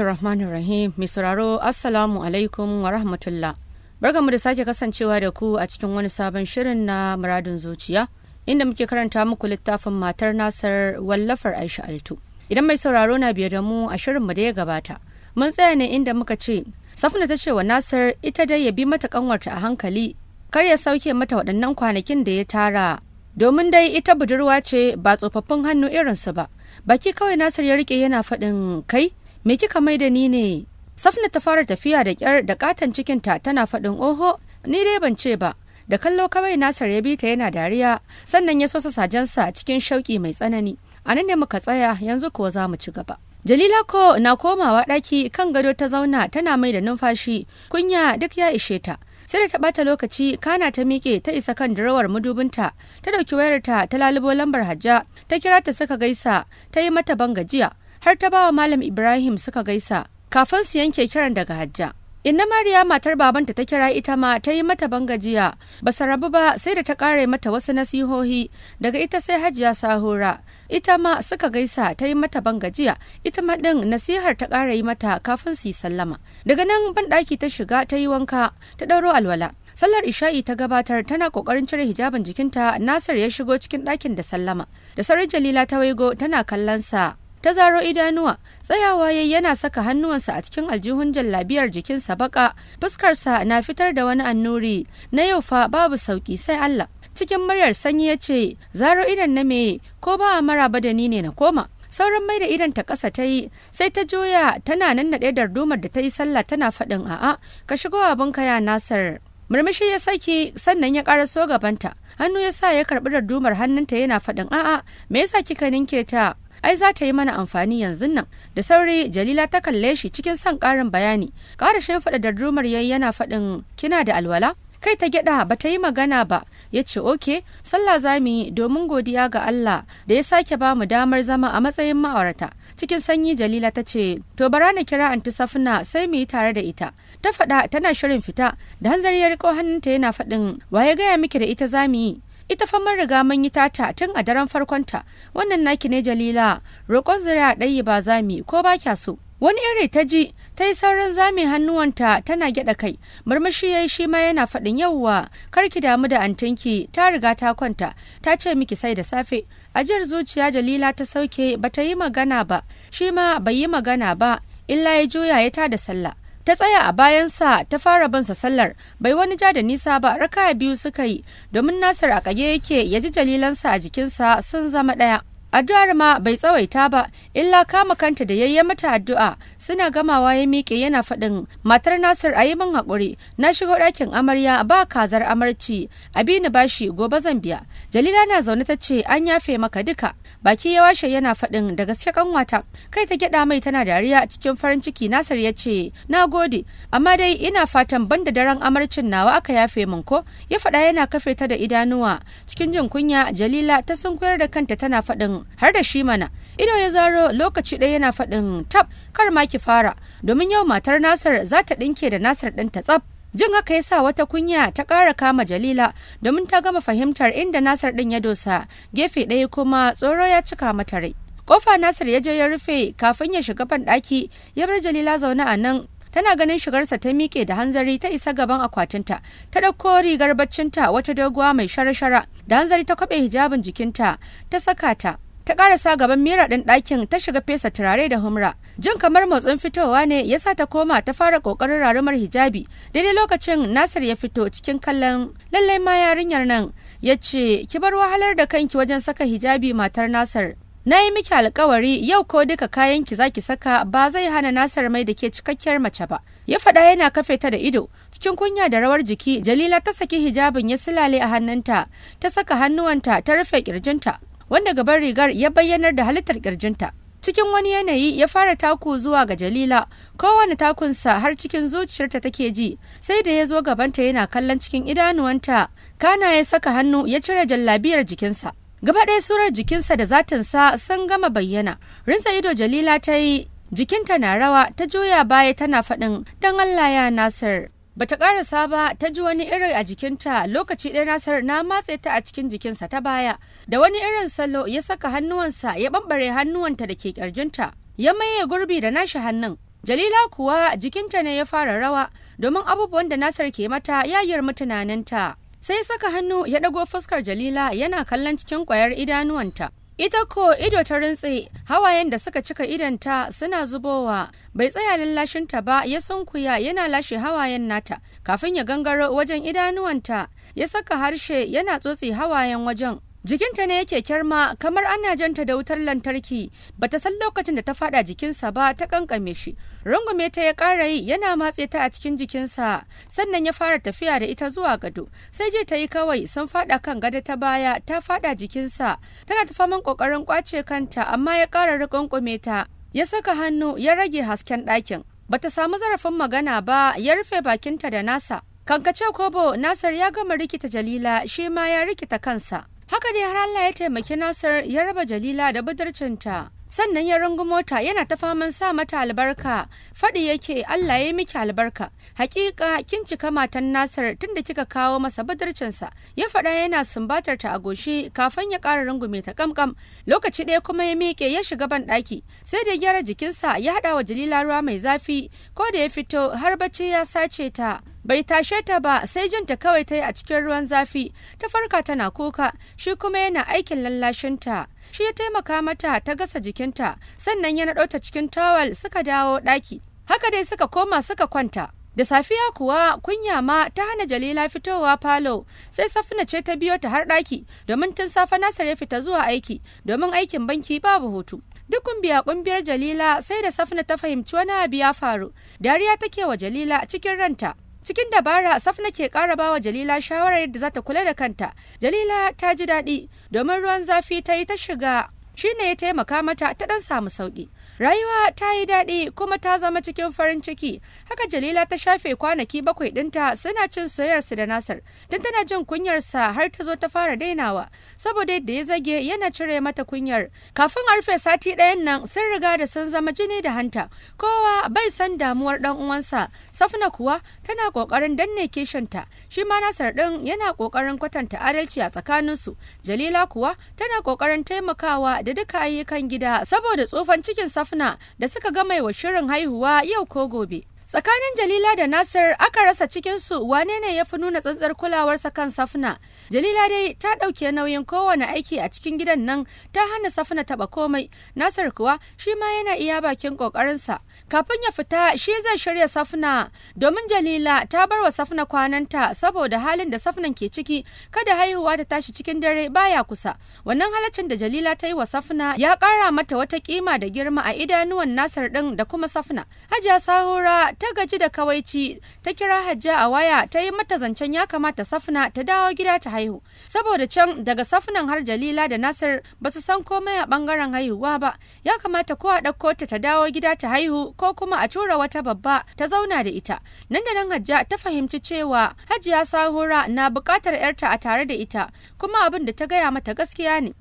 Bismillahir Rahmanir Rahim. Mai sauraro Assalamu alaikum wa rahmatullah. Barkamu da sake kasancewa da ku a cikin wani sabon shirin na muradin zuciya inda muke karanta muku littafin matar Nasar wallafar Aisha Altu. Idan mai sauraro na biye da mu a shirin mu da ya gabata. Mun tsaya ne inda muka ce Safna ta ce wa Nasar ita dai ya bi mata kanwarta a hankali kar ya sauke mata waɗannan kwanakin da ya tara domin dai ita budurwa ce ba tsofaffin hannu irinsu ba. Baki kawai Nasir ya rike yana faɗin kai me kika mai da ni ne safna ta fara tafiya da kyar da katon cikinta tana faɗin oho ni dai ban ce ba da kallo kawai nasar ya bi ta yana dariya sannan ya sosa sajensa cikin shauki mai tsanani a nan ne muka tsaya yanzu kuwa za mu ci gaba Jalila ko na komawa ɗaki kan gado ta zauna tana mai da numfashi kunya duk ya ishe ta sai da ta ɓata lokaci kana ta miƙe ta isa kan dirawar mudubinta. ta ɗauki wayarta ta lalubo lambar hajja ta kira ta saka gaisa ta yi mata ban gajiya har ta bawa malam ibrahim suka gaisa kafin su yanke kiran daga hajja inna mariya matar babanta ta kira ita ma ta yi mata bangajiya ba su rabu ba sai da ta kare mata wasu nasihohi daga ita sai hajiya sahura ita ma suka gaisa ta yi mata bangajiya ita ma din nasihar ta kare yi mata kafin su yi sallama daga nan banɗaki ta shiga ta yi wanka ta ɗauro alwala sallar isha'i ta gabatar tana kokarin cire hijabin jikinta nasir ya shigo cikin ɗakin da sallama da sauran jalila ta waigo tana kallon sa ta zaro idanuwa tsayawa yayi yana saka hannuwansa a cikin aljihun jallabiyar jikinsa baka fuskarsa na fitar da wani annuri na yau fa babu sauki sai Allah cikin muryar sanyi ya ce zaro idan na meye ko ba mara maraba da ni ne na koma sauran mai da idan ta kasa ta yi sai ta juya tana nan na dardumar da ta yi sallah tana faɗin a'a ka shigo abin kaya nasar murmushi ya saki sannan ya ƙara so gabanta hannu ya sa ya karɓi dardumar hannunta yana faɗin a'a me yasa kika ninke ta ai za ta yi mana amfani yanzu nan da sauri jalila ta kalle shi cikin son karin bayani ƙarashin faɗa da rumar yayi yana faɗin kina da alwala kai ta gyada ba ta yi magana ba ya ce oke sallah za mu yi domin godiya ga Allah da ya sake ba mu damar zama a matsayin ma'aurata cikin sanyi jalila ta ce to bara na kira anti safina sai mu yi tare da ita ta faɗa tana shirin fita da hanzari ya riko hannunta yana faɗin waye gaya miki da ita za mu yi ita fa mun riga mun yi tata tun a daren farkon ta wannan naki ne jalila roƙon zuriya ɗayi ba zami ko ba kya so wani irin ta ji ta yi saurin zame hannuwanta tana gyaɗa kai murmushi ya yi shi ma yana faɗin yauwa ki damu da antinki ta riga ta kwanta ta ce miki sai da safe ajiyar zuciya jalila ta sauke bata yi magana ba shi ma bai yi magana ba illa ya juya ya ta da sallah ta tsaya a bayansa ta fara bansa sallar bai wani ja da nisa ba raka biyu suka yi domin nasir a kage yake ya ji jalilansa a jikinsa sun zama ɗaya addu'ar ma bai tsawaita ba illa kama kanta da yayye mata addu'a suna gamawa ya miƙe yana faɗin matar nasir a yi min haƙuri na shigo ɗakin amarya ba kazar amarci abi ni bashi gobe zan biya jalila na zaune ta ce an yafe maka duka baki ya washe yana faɗin da gaske kanwata kai ta gyaɗa mai tana dariya cikin farin ciki nasir ya ce na gode amma dai ina fatan ban da daren amarcin nawa aka yafe min ko ya faɗa yana kafe ta da idanuwa cikin jin kunya jalila ta sunkuyar da kanta tana faɗin har da shi mana ido ya zaro lokaci ɗaya yana faɗin tab kar ma ki fara domin yau matar nasar za ta ɗinke da nasar ɗin ta tsab jin haka ya sa wata kunya ta ƙara kama jalila domin ta gama fahimtar inda nasar ɗin ya dosa gefe ɗaya kuma tsoro ya cika mata rai kofa nasar ya je ya rufe kafin ya shiga banɗaki ya bar jalila zaune a nan tana ganin shigarsa ta miƙe da hanzari ta isa gaban akwatinta ta ɗauko rigar baccinta wata doguwa mai shara-shara da hanzari ta kwaɓe hijabin jikinta ta saka ta ta karasa gaban mira ɗin ɗakin ta shiga fesa turare da humra jin kamar motsin fitowa ne ya sa ta koma ta fara ƙoƙarin rarumar hijabi daidai lokacin nasir ya fito cikin kallon lallai ma yarinyar nan ya ce ki bar wahalar da kanki wajen saka hijabi matar nasir na yi miki alkawari yau ko duka kayan ki zaki saka ba zai hana nasar mai da ke cikakkiyar mace ba ya faɗa yana kafe ta da ido cikin kunya da rawar jiki jalila ta saki hijabin ya silale a hannunta ta saka hannuwanta ta rufe kirjinta wanda gaban rigar ya bayyanar da halittar kirjinta cikin wani yanayi ya fara taku zuwa ga jalila kowane takunsa har cikin zuciyarta take ji sai da ya zo gabanta yana kallon cikin idanuwanta kana ya saka hannu ya cire jallabiyar jikinsa gaba ɗaya surar jikinsa da zatinsa sun gama bayyana rinsa ido jalila ta yi jikinta na rawa ta juya baya tana faɗin don allah ya nasir bata karasa ba ta ji wani irin a jikinta lokaci ɗaya nasar na matse ta a cikin jikinsa ta baya da wani irin salo ya saka hannuwansa ya bambare hannuwanta da ke ƙirjinta ya maye gurbi da nashi hannun jalila kuwa jikinta ne ya fara rawa domin abubuwan da nasar ke mata ya yarmu tunaninta sai saka hannu ya ɗago fuskar jalila yana kallon cikin kwayar idanuwanta Ita ko ido ta rintse hawayen da suka cika idanta suna zubowa bai tsaya lallashinta ba ya sunkuya yana lashe hawayen nata kafin ya gangaro wajen idanuwanta ya saka harshe yana tsotse hawayen wajen jikinta ne yake kyarma kamar ana janta da wutar lantarki bata san lokacin da ta fada jikinsa ba ta kankame shi rungume ta ya kara yi yana matse ta a cikin jikinsa sannan ya fara tafiya da ita zuwa gado sai je ta yi kawai sun fada kan gado ta baya ta fada jikinsa tana ta faman ƙoƙarin kwace kanta amma ya kara rikonkume ta ya saka hannu ya rage hasken ɗakin bata samu zarafin magana ba ya rufe bakinta da nasa kankace kobo nasar ya gama rikita jalila shi ma ya rikita kansa Haka dai har Allah ya taimaki Nasir ya raba Jalila da budurcinta. Sannan ya rungu mota yana ta faman sa mata albarka, faɗi yake Allah ya yi miki albarka. Hakika kin cika matan Nasir tunda kika kawo masa budurcinsa, ya faɗa yana sumbatar ta a goshi kafin ya ƙara rungume ta kamkam. Lokaci ɗaya kuma ya miƙe ya shiga ban ɗaki, sai da gyara jikinsa ya haɗa wa Jalila ruwa mai zafi, ko da ya fito har bacci ya sace ta. bai tashe ta ba sai ta kawai ta yi a cikin ruwan zafi ta farka tana kuka shi kuma yana aikin lallashinta shi ya taimaka mata ta gasa jikinta sannan ya naɗo cikin tawal suka dawo ɗaki haka dai suka koma suka kwanta da safiya kuwa kunya ma ta hana jalila fitowa falo sai safina ce ta biyo ta har ɗaki domin tun safe nasar ya fita zuwa aiki domin aikin banki babu hutu duk kumbiya kumbiyar jalila sai da safina ta fahimci wani abu ya faru dariya take wa jalila cikin ranta cikin dabara safna ke ƙara bawa jalila shawarar yadda za ta kula da kanta jalila ta ji daɗi domin ruwan zafi ta yi ta shiga shine ya taimaka mata ta ɗan samu sauƙi Rayuwa ta yi daɗi kuma ta zama cikin farin ciki. Haka Jalila ta shafe kwanaki bakwai ɗinta suna cin soyarsa da nasar Tun tana jin kunyarsa har ta zo ta fara dainawa. Saboda yadda ya zage yana cire mata kunyar. Kafin a rufe sati ɗayan nan sun riga da sun zama jini da hanta. Kowa bai san damuwar ɗan uwansa. Safna kuwa tana ƙoƙarin danne kishinta. Shi ma nasar ɗin yana ƙoƙarin kwatanta adalci a tsakaninsu. Jalila kuwa tana ƙoƙarin taimakawa da duka ayyukan gida saboda tsofan cikin Safna Hafna da suka gama wa shirin haihuwa yau ko gobe. Tsakanin Jalila da Nasir aka rasa cikinsu wane ne ya fi nuna tsantsar kulawarsa kan Safna. Jalila dai ta ɗauke nauyin kowane aiki a cikin gidan nan ta hana Safna taɓa komai. Nasir kuwa shi ma yana iya bakin ƙoƙarinsa. Kafin ya fita shi zai shirya Safna domin Jalila ta bar wa Safna kwananta saboda halin da Safnan ke ciki kada haihuwa ta tashi cikin dare baya kusa. Wannan halaccin da Jalila ta yi wa Safna ya ƙara mata wata kima da girma a idanuwan Nasir ɗin da kuma Safna. Hajiya Sahura ta gaji da kawaici ta kira hajja a waya ta yi mata zancen ya kamata safna ta dawo gida ta haihu saboda can daga safnan har jalila da nasir ba su san komai a bangaren haihuwa ba ya kamata ko a ɗauko ta ta dawo gida ta haihu ko kuma a tura wata babba ta zauna da ita nan da nan hajja ta fahimci cewa hajiya sahura na buƙatar 'yarta a tare da ita kuma abin da ta gaya mata gaskiya ne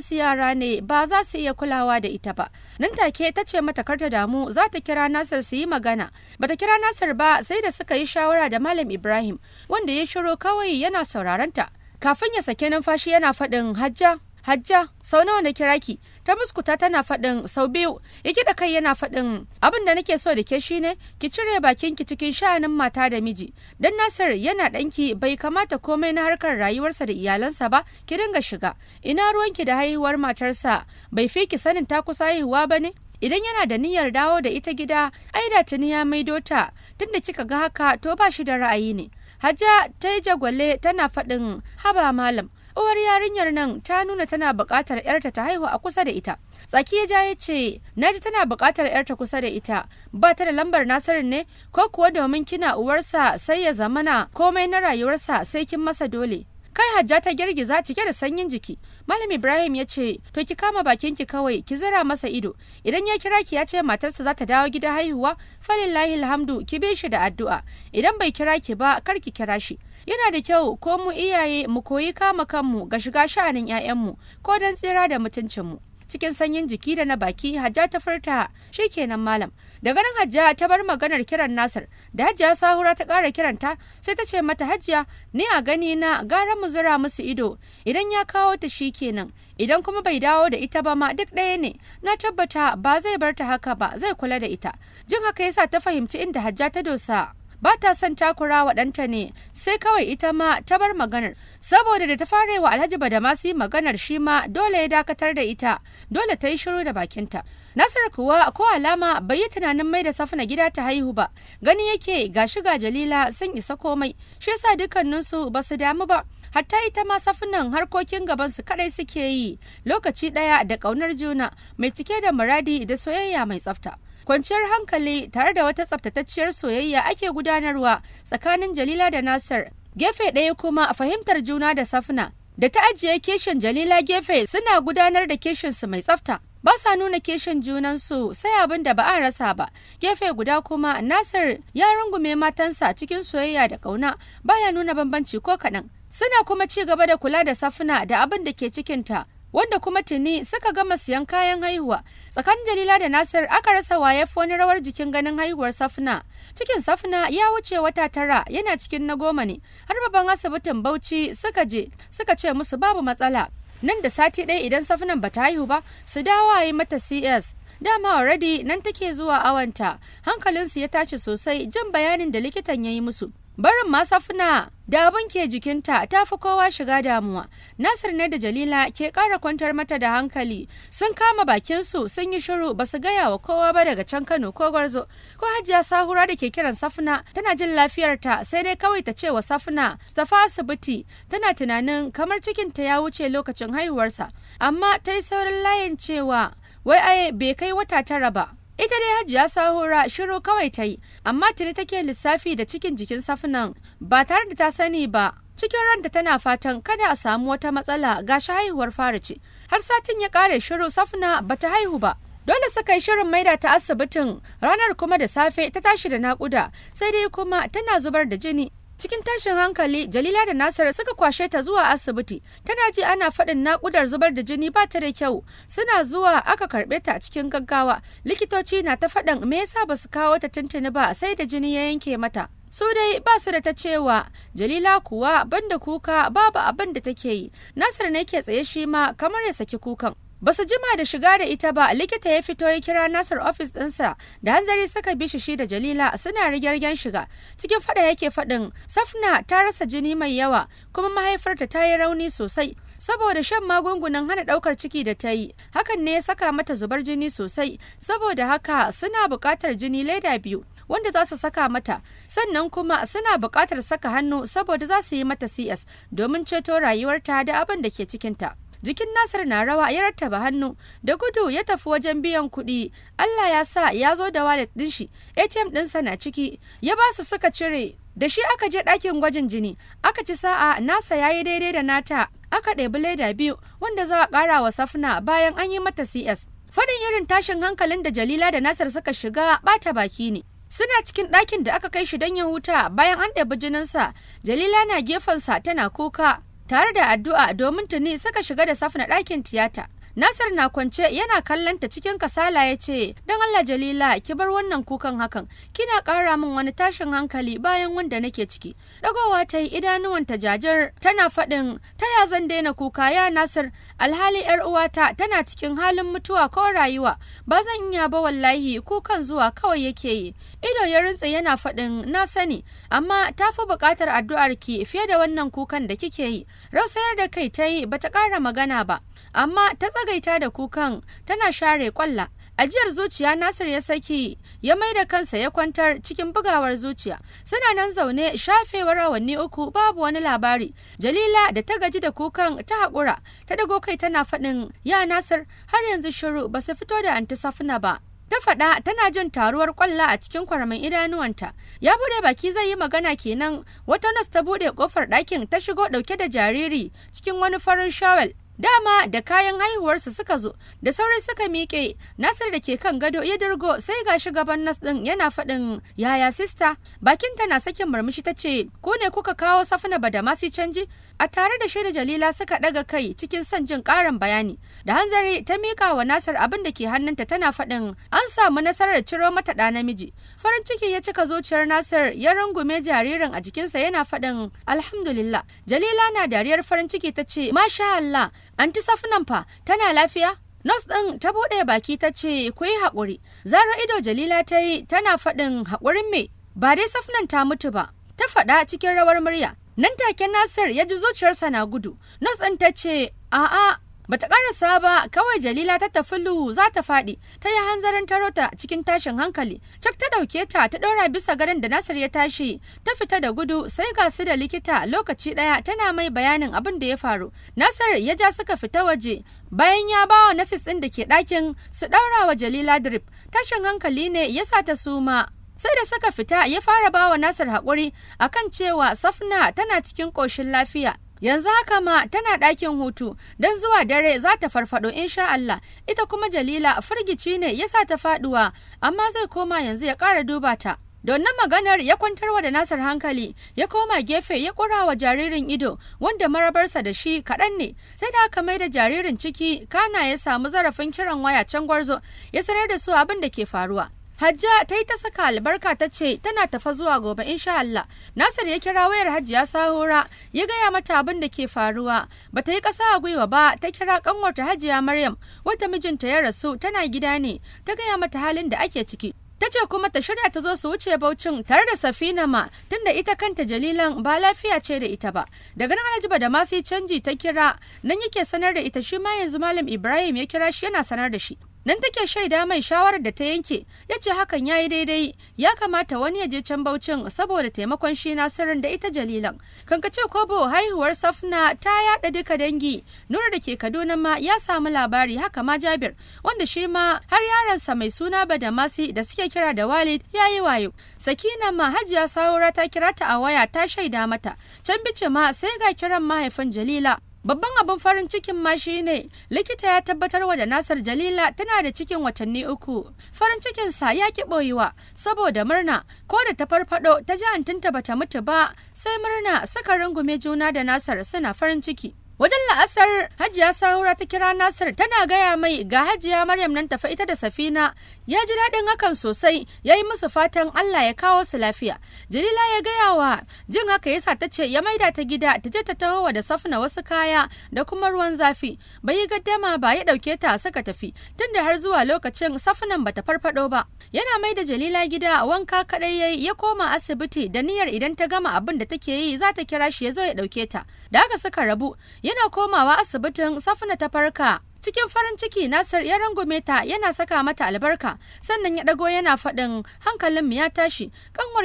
su yara ne ba za su iya kulawa da ita ba nan take ta ce mata kar ta damu za ta kira nasar su yi magana bata kira nasar ba sai da suka yi shawara da malam ibrahim wanda ya shiro kawai yana sauraron ta kafin ya sake numfashi yana faɗin hajja hajja sau nawa na kira ki ta muskuta tana faɗin sau biyu ya da kai yana faɗin abin da nake so da ke shine ki cire bakinki ki cikin sha'anin mata da miji dan Nasir yana ɗanki bai kamata komai na harkar rayuwarsa da iyalansa ba ki dinga shiga ina ruwanki da haihuwar matarsa bai fi ki sanin ta kusa haihuwa ba ne idan yana da niyyar dawo da ita gida ai da tuni ya maido ta tunda kika ga haka to ba shi da ra'ayi ne hajja ta yi jagwale tana faɗin haba malam uwar yarinyar nan ta nuna tana bukatar yarta ta haihu a kusa da ita tsaki ya ja ya ce na ji tana bukatar yarta kusa da ita ba ta da lambar nasarin ne ko kuwa domin kina uwarsa sai ya zamana komai na rayuwarsa sai kin masa dole kai hajja ta girgiza cike da sanyin jiki malam ibrahim ya ce to ki kama bakin ki kawai ki zira masa ido idan ya kira ki ya ce matarsa za ta dawo gida haihuwa falillahi alhamdu ki bi shi da addu'a idan bai kira ki ba kar ki kira shi yana da kyau ko mu iyaye mu koyi kama kanmu ga shiga sha'anin 'ya'yanmu ko don tsira da mutuncinmu cikin sanyin jiki da na baki hajja ta furta kenan malam Da nan hajja ta bar maganar kiran nasir da hajjiya sahura ta kara kiranta sai ta ce mata hajjiya ni a gani na gara mu zura musu ido idan ya kawo ta shi kenan idan kuma bai dawo da ita ba ma duk ɗaya ne na tabbata ba zai bar ta haka ba zai kula da ita jin haka yasa ta fahimci inda hajja ta dosa ba ta son takura wa ɗanta ne sai kawai ita ma ta bar maganar saboda da ta fara wa alhaji badamasi maganar shi ma dole ya dakatar da ita dole ta yi shiru da bakinta nasar kuwa ko alama bai yi tunanin mai da safina gida ta haihu ba gani yake ga shiga jalila sun isa komai shi yasa dukkaninsu ba su damu ba hatta ita ma safunan harkokin gaban su kadai suke yi lokaci daya da kaunar juna mai cike da muradi da soyayya mai tsafta kwanciyar hankali tare da wata tsaftatacciyar soyayya ake gudanarwa tsakanin jalila da nasir gefe ɗaya kuma a fahimtar juna da safna da ta ajiye keshin jalila gefe suna gudanar da keshinsu mai tsafta ba sa nuna keshin junansu sai abin da ba a rasa ba gefe guda kuma nasir ya rungume matansa cikin soyayya da kauna baya nuna bambanci ko kaɗan suna kuma ci gaba da kula da safna da abin da ke cikinta wanda kuma tuni suka gama siyan kayan haihuwa tsakanin jalila da nasir aka rasa waye wani rawar jikin ganin haihuwar safna cikin safna ya wuce wata tara yana cikin na goma ne har babban asibitin bauchi suka je suka ce musu babu matsala nan da sati ɗaya idan safnan bata haihu ba su dawo a yi mata cs dama already nan take zuwa awanta hankalinsu ya tashi sosai jin bayanin da likitan ya yi musu barin ma safuna da abin ke jikinta ta fi kowa shiga damuwa nasir ne da jalila ke kara kwantar mata da hankali sun kama bakinsu sun yi shiru ba su gaya wa kowa ba daga can kano ko gwarzo ko hajiya sahura da ke kiran safuna tana jin lafiyarta sai dai kawai ta ce wa safuna ta asibiti tana tunanin kamar cikinta ya wuce lokacin haihuwarsa amma ta yi saurin layin cewa wai ai bai kai wata tara ba Ita dai Hajiya Sahura shiru kawai ta yi, amma tuni take lissafi da cikin jikin safunan ba tare da ta sani ba. Cikin ranta tana fatan kada a samu wata matsala ga shi haihuwar fara ce. Har satin ya kare shiru safuna ta haihu ba. Dole suka yi shirin maida ta asibitin ranar kuma da safe ta tashi da nakuda sai dai kuma tana zubar da jini cikin tashin hankali jalila da nasara suka kwashe ta zuwa asibiti tana ji ana faɗin nakudar zubar da jini ba ta da kyau suna zuwa aka karɓe ta cikin gaggawa likitoci na ta faɗan me yasa ba su kawo ta tuntuni ba sai da jini ya yanke mata su dai ba su da ta cewa jalila kuwa banda kuka babu abin da take yi nasir ne ke tsaye shi ma kamar ya saki kukan ba su jima da shiga da ita ba likita ya fito ya kira nasar ofis ɗinsa da hanzari suka bi shi da jalila suna rigyargen shiga cikin fada yake faɗin safna ta rasa jini mai yawa kuma mahaifarta ta yi rauni sosai saboda shan magungunan hana ɗaukar ciki da ta yi hakan ne ya saka mata zubar jini sosai saboda haka suna buƙatar jini leda biyu wanda za su saka mata sannan kuma suna buƙatar saka hannu saboda za su yi mata cs domin ceto rayuwarta da abin da ke cikinta. jikin nasir na rawa ya rattaba hannu da gudu ya tafi wajen biyan kuɗi allah ya sa ya zo da walet ɗin shi atm ɗinsa na ciki ya ba su suka cire da shi aka je ɗakin gwajin jini aka ci sa'a nasa ya yi daidai da nata aka ɗebi leda biyu wanda za a ƙara wa safna bayan an yi mata cs fadin irin tashin hankalin da jalila da nasir suka shiga ɓata baki ne suna cikin ɗakin da aka kai shi don ya huta bayan an ɗebi jininsa jalila na gefensa tana kuka tare da addu'a domin tuni suka shiga da safna ɗakin tiyata Nasir na kwance yana kallanta cikin kasala ya ce, "Don Allah Jalila, ki bar wannan kukan hakan, kina ƙara min wani tashin hankali bayan wanda nake ciki." Dagowa ta yi idanuwan ta jajar tana faɗin, "Ta ya zan daina kuka ya Nasir, alhali ‘yar uwata tana cikin halin mutuwa ko rayuwa, ba zan iya ba wallahi kukan zuwa kawai yake yi." Ido ya rintse yana faɗin, "Na sani, amma ta fi buƙatar addu'arki fiye da wannan kukan da kike yi." Rausayar da kai ta yi bata ƙara magana ba. amma ta tsagaita da kukan tana share kwalla ajiyar zuciya nasir ya saki ya mai da kansa ya kwantar cikin bugawar zuciya suna nan zaune shafewar awanni uku babu wani labari jalila da ta gaji da kukan ta haƙura ta dago kai tana faɗin ya nasir har yanzu shiru ba su fito da anti ba ta faɗa tana jin taruwar kwalla a cikin kwaramin idanuwanta ya buɗe baki zai yi magana kenan wata nas ta buɗe kofar ɗakin ta shigo ɗauke da jariri cikin wani farin shawal. dama da kayan haihuwarsa suka zo da sauri suka miƙe nasir da ke kan gado ya dirgo sai ga gaban nas din yana faɗin yaya sista bakinta na sakin murmushi ta ce ko ne kuka kawo safina masu canji a tare da shaida jalila suka ɗaga kai cikin son jin ƙarin bayani da hanzari ta miƙa wa nasir abin da ke hannunta tana faɗin an samu nasarar ciro mata ɗa namiji farin ciki ya cika zuciyar nasir ya rungume jaririn a jikinsa yana faɗin alhamdulillah jalila na dariyar farin ciki ta ce masha allah anti safunan fa tana lafiya Nos ɗin ta buɗe baki ta ce ku yi haƙuri. Zara ido Jalila ta yi tana faɗin haƙurin me ba dai safnan ta mutu ba. Ta faɗa cikin rawar murya. Nan take Nasir ya ji zuciyarsa na gudu. Nos ɗin ta ce a'a Bata ƙarasa ba kawai Jalila ta tafi lu za ta faɗi ta yi hanzarin tarota cikin tashin hankali. Cak ta ɗauke ta ta ɗora bisa gadon da Nasir ya tashi ta fita da gudu sai ga su da likita lokaci ɗaya tana mai bayanin abin da ya faru. Nasir ya ja suka fita waje bayan ya ba wa nasis ɗin da ke ɗakin su ɗaura wa Jalila drip. Tashin hankali ne ya sa ta suma sai da suka fita ya fara ba wa Nasir haƙuri akan cewa Safna tana cikin ƙoshin lafiya Yanzu haka ma tana ɗakin hutu don zuwa dare za ta farfado insha Allah ita kuma Jalila firgici ne ya sa ta faɗuwa amma zai koma yanzu ya ƙara duba ta. Donnan maganar ya kwantar wa da nasar hankali ya koma gefe ya ƙura wa jaririn ido wanda marabarsa da shi kaɗan ne sai da aka mai da jaririn ciki kana ya samu zarafin kiran waya can gwarzo ya sanar da su abin da ke faruwa. Hajja ta yi ta saka albarka ta ce tana tafa zuwa gobe insha Allah. Nasir ya kira wayar Hajiya Sahura ya gaya mata abin da ke faruwa. Ba ta yi ƙasa a gwiwa ba ta kira ƙanwarta Hajiya Maryam wata mijinta ya rasu tana gida ne ta gaya mata halin da ake ciki. ta ce kuma ta shirya ta zo su wuce baucin tare da safina ma tunda ita kanta jalilan ba lafiya ce da ita ba daga nan alhajiba da masu canji ta kira nan yake sanar da ita shi ma yanzu malam ibrahim ya kira shi yana sanar da shi nan take shaida mai shawarar da ta yanke ya ce hakan ya yi daidai ya kamata wani ya je can baucin saboda taimakon shi nasirin da ita jalilan kan kankace kobo haihuwar safna ta yada duka dangi nura da ke kaduna ma ya samu labari haka ma jabir wanda shi ma har yaransa mai suna badamasi da suke kira da walid ya yi wayo sakina ma hajiya saura ta kira ta a waya ta shaida mata can bice ma sai ga kiran mahaifin jalila Babban abin farin cikin ma shi ne likita ya tabbatar wa da Nasar Jalila tana da cikin watanni uku. Farin cikinsa ya ki ɓoyewa saboda murna ko da ta farfaɗo, ta ji antinta bata mutu ba sai murna suka rungume juna da Nasar suna farin ciki. Wajen la'asar Hajiya Sahura ta kira nasar tana gaya mai ga Hajiya Maryam nan tafi ita da Safina ya ji daɗin hakan sosai ya yi musu fatan Allah ya kawo su lafiya. Jalila ya gaya wa jin haka yasa ta ce ya maida ta gida ta je ta taho wa da safna wasu kaya da kuma ruwan zafi. Bai yi gaddama ba ya ɗauke ta suka tafi tunda har zuwa lokacin safnan bata farfaɗo ba. Yana maida Jalila gida wanka kaɗai ya ya koma asibiti da niyyar idan ta gama abin da take yi za ta kira shi ya zo ya ɗauke ta. Da haka suka rabu yana komawa asibitin safna ta farka Cikin farin ciki Nasir ya rangume ta yana saka mata albarka sannan ya ɗago yana faɗin hankalinmu ya tashi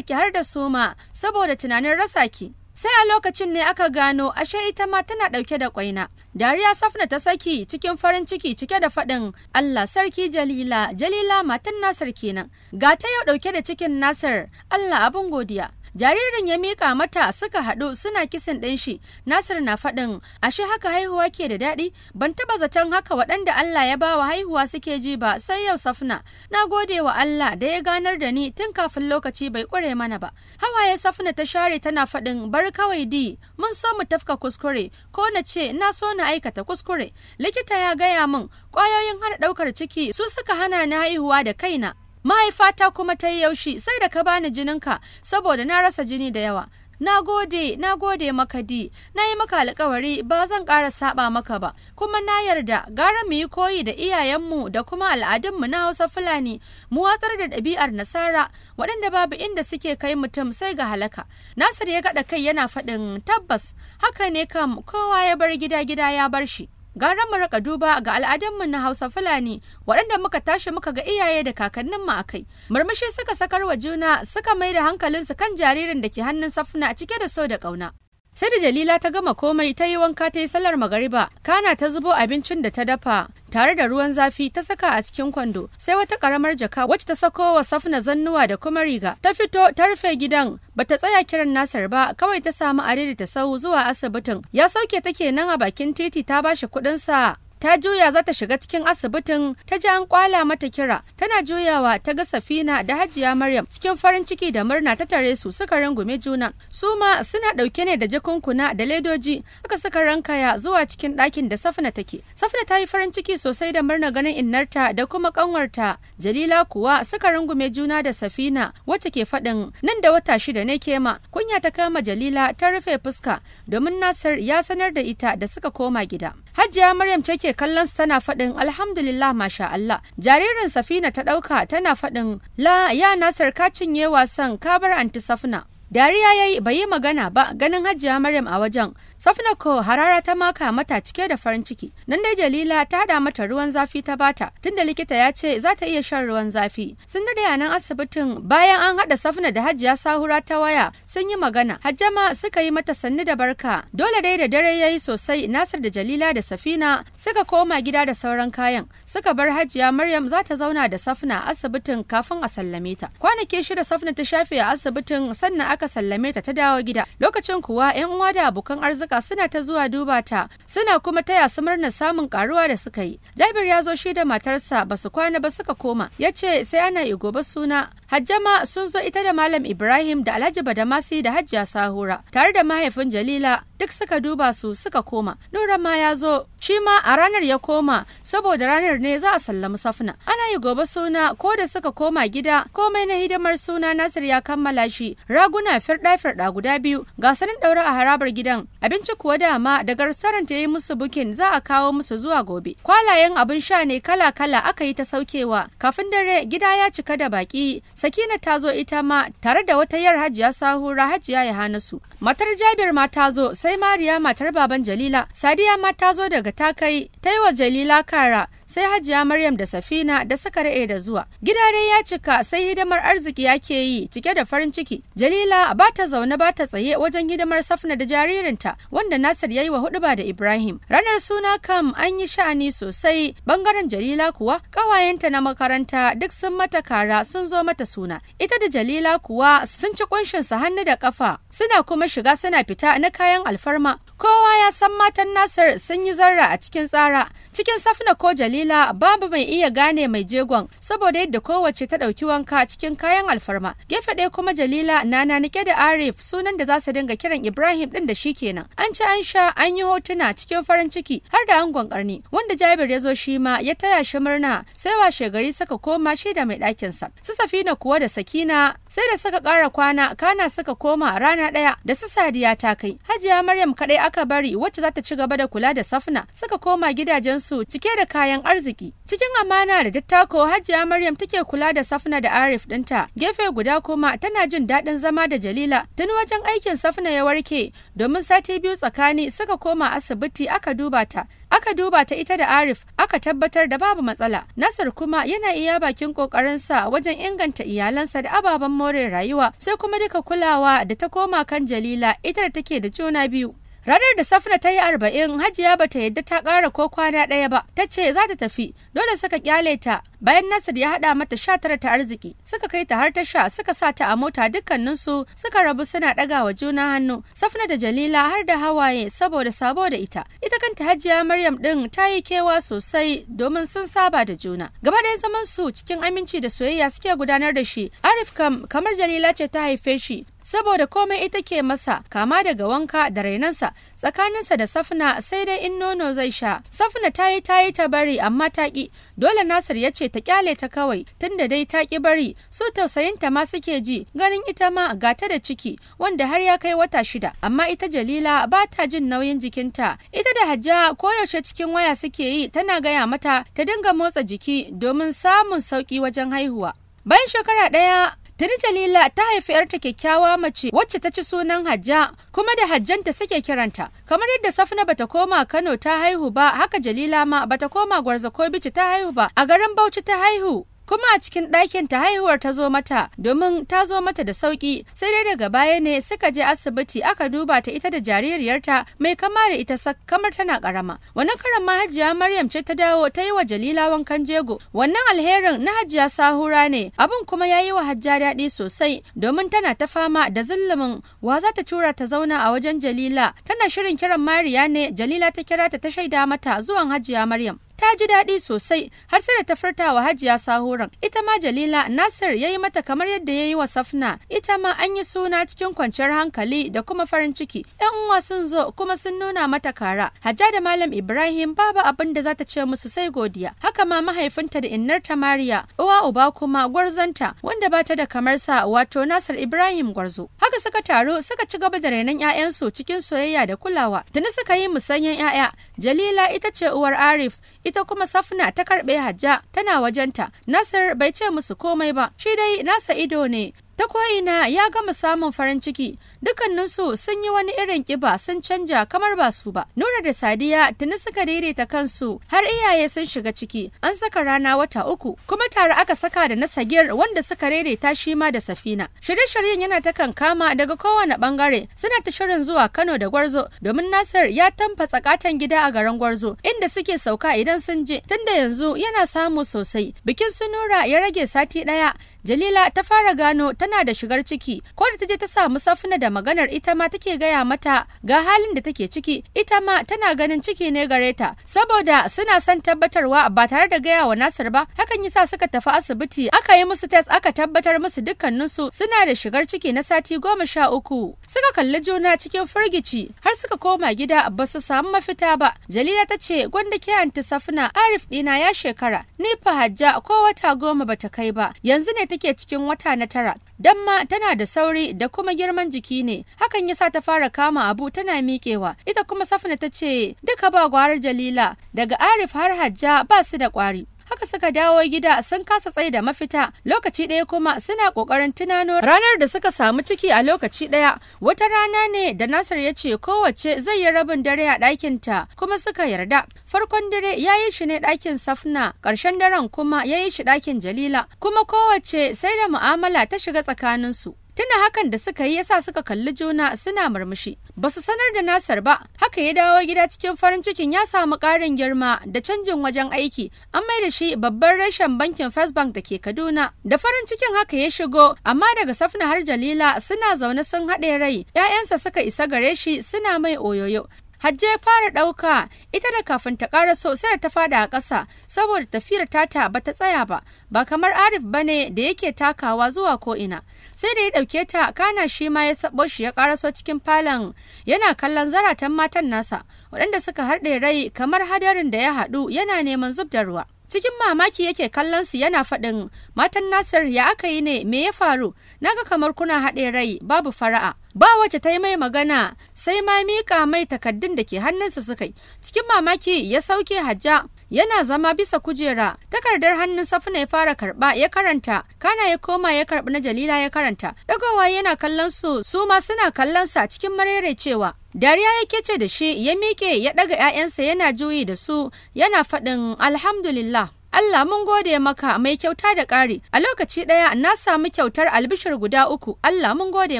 ki har da soma saboda tunanin rasa ki. sai a lokacin ne aka gano ashe ita ma tana ɗauke da ƙwaina. Dariya Safna ta saki cikin farin ciki cike da faɗin Allah sarki Jalila, Jalila matan Nasir kenan. Ga ta yau ɗauke da cikin Nasir, Allah abin godiya. jaririn ya mika mata suka haɗu suna kisan ɗin shi nasir na faɗin ashe haka haihuwa ke da daɗi ban taba zaton haka waɗanda allah ya bawa haihuwa suke ji ba sai yau safna na gode wa allah da ya ganar da ni tun kafin lokaci bai kure mana ba hawaye safna ta share tana faɗin bar kawai di mun so mu tafka kuskure ko na ce na so na aikata kuskure likita ya gaya min ƙwayoyin hana ɗaukar ciki su suka hana ni haihuwa da kaina mahaifata kuma ta yi yaushi sai da ka bani jininka saboda na rasa jini da yawa na gode na gode maka di na yi maka alkawari ba zan ƙara saba maka ba kuma na yarda gara mu yi koyi da iyayenmu da kuma al'adunmu na hausa fulani mu watsar da ɗabi'ar nasara waɗanda babu inda suke kai mutum sai ga halaka nasir ya gaɗa kai yana faɗin tabbas haka ne kam kowa ya bar gida gida ya bar shi Garan mu raka duba ga al'adunmu na Hausa Fulani waɗanda muka tashi muka ga iyaye da kakanninmu a kai. Murmushi suka sakar wa juna suka mai da hankalinsu kan jaririn da ke hannun safuna cike da so da ƙauna. sai da jalila ta gama komai ta yi wanka ta yi salar magariba kana ta zubo abincin da ta dafa tare da ruwan zafi ta saka a cikin kwando sai wata karamar jaka wacce ta sako wa safna zannuwa da kuma riga ta fito ta rufe gidan bata tsaya kiran nasar ba kawai ta samu adadi ta sau zuwa asibitin ya sauke take nan a bakin titi ta bashi kuɗin sa ta juya za ta shiga cikin asibitin ta ji an kwala mata kira tana juyawa ta ga safina da hajiya maryam cikin farin ciki da murna ta tare su suka rungume juna su ma suna ɗauke ne da jakunkuna da ledoji aka suka rankaya zuwa cikin ɗakin da safina take safina ta yi farin ciki sosai da murna ganin innarta da kuma ƙanwarta jalila kuwa suka rungume juna da safina wacce ke faɗin nan da wata shida ne kema kunya ta kama jalila ta rufe fuska domin nasir ya sanar da ita da suka koma gida Hajiya Maryam ce ke kallon su tana faɗin alhamdulillah masha Allah. Jaririn Safina ta ɗauka tana faɗin la ya Nasir ka cinye wasan kabar anti Safna. Dariya yayi bai yi magana ba ganin Hajiya Maryam a wajen. Safina ko harara ta maka mata cike da farin ciki. Nan dai Jalila ta hada mata ruwan zafi ta bata tunda likita ya ce za ta iya shan ruwan zafi. Sun dade a nan asibitin bayan an hada safina da Hajiya Sahura ta waya sun yi magana. Hajjama suka yi mata sannu da barka. Dole dai da dare yayi sosai Nasir da Jalila da Safina suka koma gida da sauran kayan. Suka bar Hajiya Maryam za ta zauna da Safna asibitin kafin a sallame ta. Kwanaki shida safina ta shafe a asibitin sannan aka sallame ta ta dawo gida. Lokacin kuwa 'yan uwa da abokan arziki Amurka suna ta zuwa duba ta suna kuma taya su murna samun karuwa da suka yi jabir ya zo shi da matarsa ba su kwana ba suka koma ya ce sai ana yi gobe suna hajjama sun zo ita da malam ibrahim da alhaji badamasi da hajjiya sahura tare da mahaifin jalila duk suka duba su suka koma nura ma ya zo shi ma a ranar ya koma saboda ranar ne za a sallami safna ana yi gobe suna ko da suka koma gida komai na hidimar suna nasir ya kammala shi raguna firɗa firɗa guda biyu ga sanin ɗaura a harabar gidan abinci kuwa dama daga restaurant ta yi musu bukin za a kawo musu zuwa gobe kwalayen abin sha ne kala kala aka yi ta saukewa kafin dare gida ya cika da baki sakina ta zo ita ma tare da wata yar hajiya sahura hajiya ya hana su matar jabir ma ta zo sai mariya matar baban jalila sadiya ma ta zo daga ta kai ta yi wa jalila kara sai hajiya maryam da safina da suka ra'e da zuwa gida dai ya cika sai hidimar arziki yake yi cike da farin ciki jalila ba ta zaune ba ta tsaye wajen hidimar safna da jaririnta wanda nasir ya yi wa huduba da ibrahim ranar suna kam an yi sha'ani sosai bangaren jalila kuwa kawayenta na makaranta duk sun mata kara sun zo mata suna ita da jalila kuwa sun ci kunshin su hannu da kafa suna kuma shiga suna fita na kayan alfarma kowa ya san matan nasir sun yi zarra a cikin tsara cikin safna ko jalila kabila babu mai iya gane mai jegon saboda yadda kowace ta ɗauki wanka cikin kayan alfarma. Gefe ɗaya kuma Jalila nana nike da Arif sunan da za su dinga kiran Ibrahim ɗin da shi kenan. An ci an sha an yi hotuna cikin farin ciki har da angon ƙarni wanda Jabir ya zo shi ma ya taya shi murna sai washe gari suka koma shi da mai ɗakinsa. Su Safina kuwa da Sakina sai da suka kara kwana kana suka koma rana ɗaya da su Sadiya ta kai. Hajiya Maryam kaɗai aka bari wacce za ta ci gaba da kula da Safna suka koma gidajensu cike da kayan arziki. Cikin amana da dattako Hajiya Maryam take kula da Safna da Arif ɗinta. Gefe guda kuma tana jin daɗin zama da Jalila tun wajen aikin Safna ya warke domin sati biyu tsakani suka koma asibiti aka duba ta. Aka duba ta ita da Arif aka tabbatar da babu matsala. Nasir kuma yana iya bakin ƙoƙarinsa wajen inganta iyalansa da ababen more rayuwa sai kuma duka kulawa da ta koma kan Jalila ita da take da juna biyu. Ranar da Safna ta yi arba'in Hajiya ba ta yadda ta ƙara ko kwana ɗaya ba, ta ce za ta tafi, dole suka kyale ta bayan Nasir ya haɗa mata sha tara ta arziki suka kai ta har ta sha suka sa ta a mota dukkaninsu suka rabu suna ɗaga wa juna hannu Safna da Jalila har da hawaye saboda sabo da ita ita kanta Hajiya Maryam ɗin ta yi kewa sosai domin sun saba da juna gaba ɗaya zaman su cikin aminci da soyayya suke gudanar da shi Arif kam kamar Jalila ce ta haife shi saboda komai ita ke masa kama daga wanka da rainansa tsakaninsa da Safna sai dai in nono zai sha. Safna ta yi ta yi ta bari amma ta ki. Dole Nasir ya ce ta kyale ta kawai tunda dai ta ki bari su tausayinta ma suke ji ganin ita ma gata da ciki wanda har ya kai wata shida amma ita Jalila ba ta jin nauyin jikinta. Ita da Hajja koyaushe cikin waya suke yi tana gaya mata ta dinga motsa jiki domin samun sauki wajen haihuwa. Bayan shekara ɗaya Tuni Jalila ta haifi ‘yarta kyakkyawa mace wacce ta ci sunan Hajja kuma da Hajjanta suke kiranta. Kamar yadda Safna bata koma Kano ta haihu ba haka Jalila ma bata koma Gwarza ko ta haihu ba a garin Bauchi ta haihu. kuma a cikin ɗakin ta haihuwar ta zo mata domin ta zo mata da sauki sai dai daga baya ne suka je asibiti aka duba ta ita da jaririyarta mai kama da ita sak kamar tana karama wani karan ma hajiya maryam ce ta dawo ta yi wa jalila wankan jego wannan alherin na hajiya sahura ne abin kuma ya yi wa hajja daɗi sosai domin tana ta fama da zillumin wa za ta tura ta zauna a wajen jalila tana shirin kiran mariya ne jalila ta kira ta ta shaida mata zuwan hajiya maryam ta ji daɗi sosai har sai da ta furta wa hajiya sahuran ita ma jalila nasir ya yi mata kamar yadda ya yi wa safna ita ma an yi suna cikin kwanciyar hankali da kuma farin ciki yan uwa sun zo kuma sun nuna mata kara hajja da malam ibrahim babu abin da za ta ce musu sai godiya haka ma mahaifinta da innarta mariya uwa uba kuma gwarzanta wanda ba ta da kamar sa wato nasir ibrahim gwarzo haka suka taru suka ci gaba da renon 'ya'yansu cikin soyayya da kulawa tuni suka yi musanyen 'ya'ya jalila ita ce uwar arif ita kuma safna ta karɓe hajja tana wajenta nasir bai ce musu komai ba shi dai nasa ido ne ta ko'ina ya gama samun farin ciki dukkaninsu sun yi wani irin kiba sun canja kamar ba su ba nura da sadiya tuni suka daidaita kansu har iyaye sun shiga ciki an saka rana wata uku kuma tare aka saka da na sagir wanda suka daidaita shi ma da safina shirye-shiryen yana ta kama daga kowane bangare suna ta shirin zuwa kano da gwarzo domin nasir ya tamfa tsakatan gida a garin gwarzo inda suke sauka idan sun je tunda yanzu yana samu sosai bikin su nura ya rage sati ɗaya. Jalila ta fara gano tana da shigar ciki ko da ta je ta samu safina da maganar ita ma take gaya mata ga halin da take ciki ita ma tana ganin ciki ne gare ta saboda suna son tabbatarwa ba tare da gaya wa Nasir ba hakan yasa suka tafi asibiti aka yi musu test aka tabbatar musu dukkaninsu suna da shigar ciki na sati goma sha uku suka kalli juna cikin firgici har suka koma gida ba su samu mafita ba Jalila ta ce gwanda ke anti Safina Arif dina ya shekara ni fa Hajja ko wata goma bata kai ba yanzu ne take cikin wata na tara damma tana da sauri da kuma girman jiki ne hakan yasa ta fara kama abu tana miƙewa ita kuma safna ta ce duka ba gwarar jalila daga arif har hajja ba su da ƙwari haka suka dawo gida sun kasa tsaye da mafita lokaci ɗaya kuma suna ƙoƙarin tunano ranar da suka samu ciki a lokaci ɗaya wata rana ne da Nasir ya ce kowace zai yi rabin dare a ɗakinta kuma suka yarda farkon dare ya yi shi ne ɗakin Safna ƙarshen daren kuma ya yi shi ɗakin Jalila kuma kowace sai da mu'amala ta shiga tsakaninsu. Tuna hakan da suka yi yasa suka kalli juna suna murmushi. ba su sanar da Nasar ba, haka ya dawo gida cikin farin cikin ya samu ƙarin girma da canjin wajen aiki, an mai da shi babban reshen bankin First Bank da ke Kaduna. Da farin cikin haka ya shigo, amma daga Safna har Jalila suna zaune sun haɗe rai, ‘ya'yansa suka isa gare shi suna mai oyoyo. Hajja ya fara ɗauka ita da kafin ta ƙara so sai ta fada a ƙasa saboda tafiyar tata ba ta tsaya ba ba kamar arif ba ne da yake takawa zuwa ko'ina sai da ya ɗauke ta kana shi ma ya sabo shi ya karaso cikin falon yana kallon zaratan matan nasa waɗanda suka harɗe rai kamar hadarin da ya haɗu yana neman zub da ruwa cikin mamaki yake kallon su yana faɗin matan nasir ya aka yi ne me ya faru naga kamar kuna haɗe rai babu fara'a ba wace ta yi mai magana sai ma miƙa mai takaddun da ke hannunsa suka yi cikin mamaki ya sauke hajja yana zama bisa kujera takardar hannun safina ya fara karba ya karanta kana ya koma ya karbi na jalila ya karanta dagowa yana kallon su su ma suna kallon sa cikin marere cewa Dariya ya kece da shi ya miƙe ya ɗaga ‘ya'yansa yana juyi da su yana faɗin alhamdulillah. Allah mun gode maka mai kyauta da ƙari a lokaci ɗaya na samu kyautar albishir guda uku Allah mun gode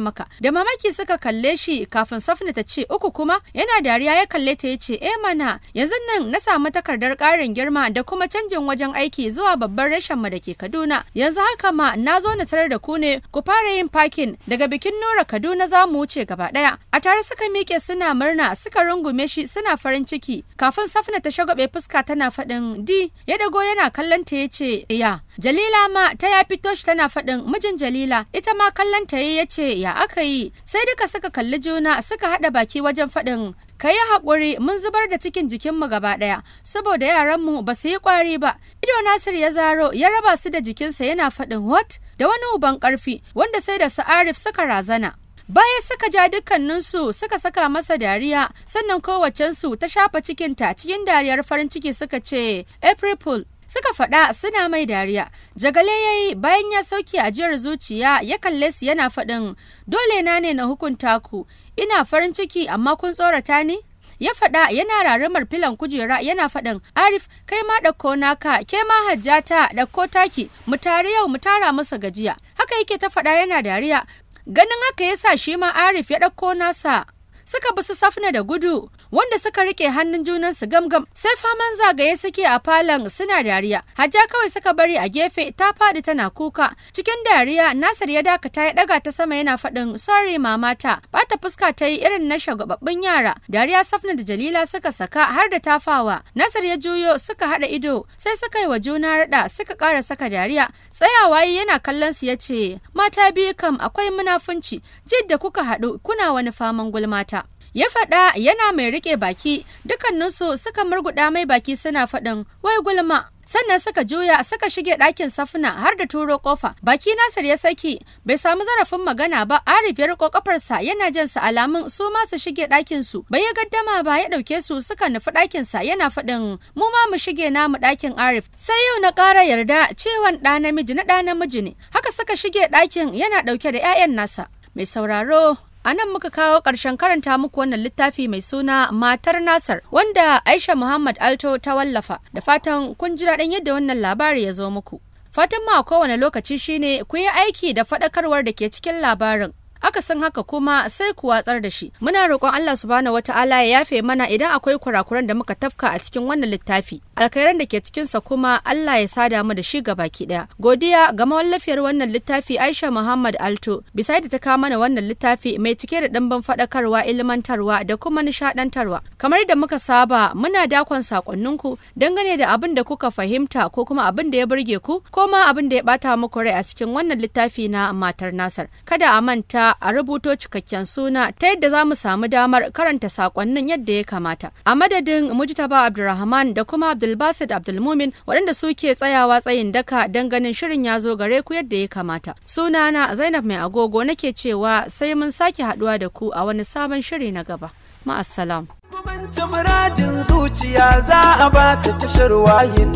maka da mamaki suka kalle shi kafin safna ta ce uku kuma yana dariya ya kalle ta ya ce eh mana yanzu nan na samu takardar ƙarin girma da kuma canjin wajen aiki zuwa babban reshen mu da ke Kaduna yanzu haka ma na zo na tarar da ku ne ku fara yin parking daga bikin Nura Kaduna za mu wuce gaba ɗaya a tare suka miƙe suna murna suka rungume shi suna farin ciki kafin safna ta shagabe fuska tana faɗin di ya dago yana yana kallon ta yace ya Jalila ma ta ya fito shi tana faɗin mijin Jalila ita ma kallon ta yace ya aka yi sai duka suka kalli juna suka haɗa baki wajen faɗin ka yi haƙuri mun zubar da cikin jikinmu gaba ɗaya saboda yaranmu ba su yi ƙwari ba ido nasir ya zaro ya raba su da jikinsa yana faɗin what da wani uban ƙarfi wanda sai da su arif suka razana baya suka ja dukkaninsu suka saka masa dariya sannan kowacensu ta shafa cikinta cikin dariyar farin ciki suka ce april suka faɗa suna mai dariya jagale ya yi bayan ya sauki ajiyar zuciya ya kalle su yana faɗin dole na ne na hukunta ku ina farin ciki amma kun tsorata ni ya faɗa yana rarumar filan kujera yana faɗin arif kai ma ɗauko naka ke ma hajjata ɗauko taki mu tare yau mu tara masa gajiya haka yake ta faɗa yana dariya ganin haka yasa shi ma arif ya ɗauko nasa suka bi su safna da gudu wanda suka rike hannun junan su gamgam sai faman zagaye suke a falon suna dariya hajja kawai suka bari a gefe ta faɗi tana kuka cikin dariya nasir ya dakata ya ɗaga ta sama yana faɗin sorry mamata bata fuska ta yi irin na shagababbun yara dariya safna da jalila suka saka har da tafawa nasir ya juyo suka haɗa ido sai suka yi wa juna raɗa suka ƙara saka dariya tsayawa yana kallon su ya ce mata biyu kam akwai munafunci jid da kuka haɗu kuna wani faman gulmata ya faɗa yana mai riƙe baki dukkaninsu suka murguɗa mai baki suna faɗin wai gulma sannan suka juya suka shige ɗakin safuna har da turo kofa baki nasir ya saki bai samu zarafin magana ba arif ya riko kafarsa yana jan su alamun su ma su shige ɗakin su bai ya gaddama ba ya ɗauke su suka nufi ɗakin sa yana faɗin mu ma mu shige namu ɗakin arif sai yau na ƙara yarda cewan ɗa namiji na ɗa namiji ne haka suka shige ɗakin yana ɗauke da 'ya'yan nasa mai sauraro A nan muka kawo ƙarshen karanta muku wannan littafi mai suna Matar Nasar wanda Aisha Muhammad Alto ta wallafa da fatan kun ji daɗin yadda wannan labari ya zo muku. Fatan ma kowane lokaci shine ku yi aiki da faɗakarwar da ke cikin labarin. Aka san haka kuma sai ku watsar da shi. Muna roƙon Allah subhanahu wata'ala ya yafe mana idan akwai kurakuran da muka tafka a cikin wannan littafi. alkhairan da ke cikinsa kuma Allah ya sada mu da shi ga baki daya. Godiya ga mawallafiyar wannan littafi Aisha Muhammad Alto, bisa da ta ka mana wannan littafi mai cike da ɗanban faɗakarwa, ilmantarwa da kuma nishaɗantarwa. Kamar da muka saba, muna dakon sakonninku dangane da abin da kuka fahimta ko kuma abin da ya burge ku ko ma abin da ya bata muku rai a cikin wannan littafi na matar Nasar. Kada a manta a rubuto cikakken suna ta yadda za mu samu damar karanta sakonnin yadda ya kamata. A madadin Mujtaba Abdulrahman da kuma Abdul Abdulbasid Abdulmumin waɗanda suke tsayawa tsayin daka don ganin shirin ya zo gare ku yadda ya kamata. Sunana Zainab Mai Agogo nake cewa sai mun sake haɗuwa da ku a wani sabon shiri na gaba. Ma'assalam. Kubanci muradin zuciya za a baka tashar wayin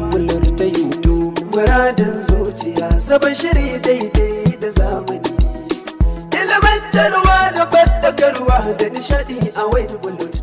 ta YouTube. Muradin zuciya sabon shiri daidai da zamani. Ilimantarwa da fadakarwa da nishaɗi a wayar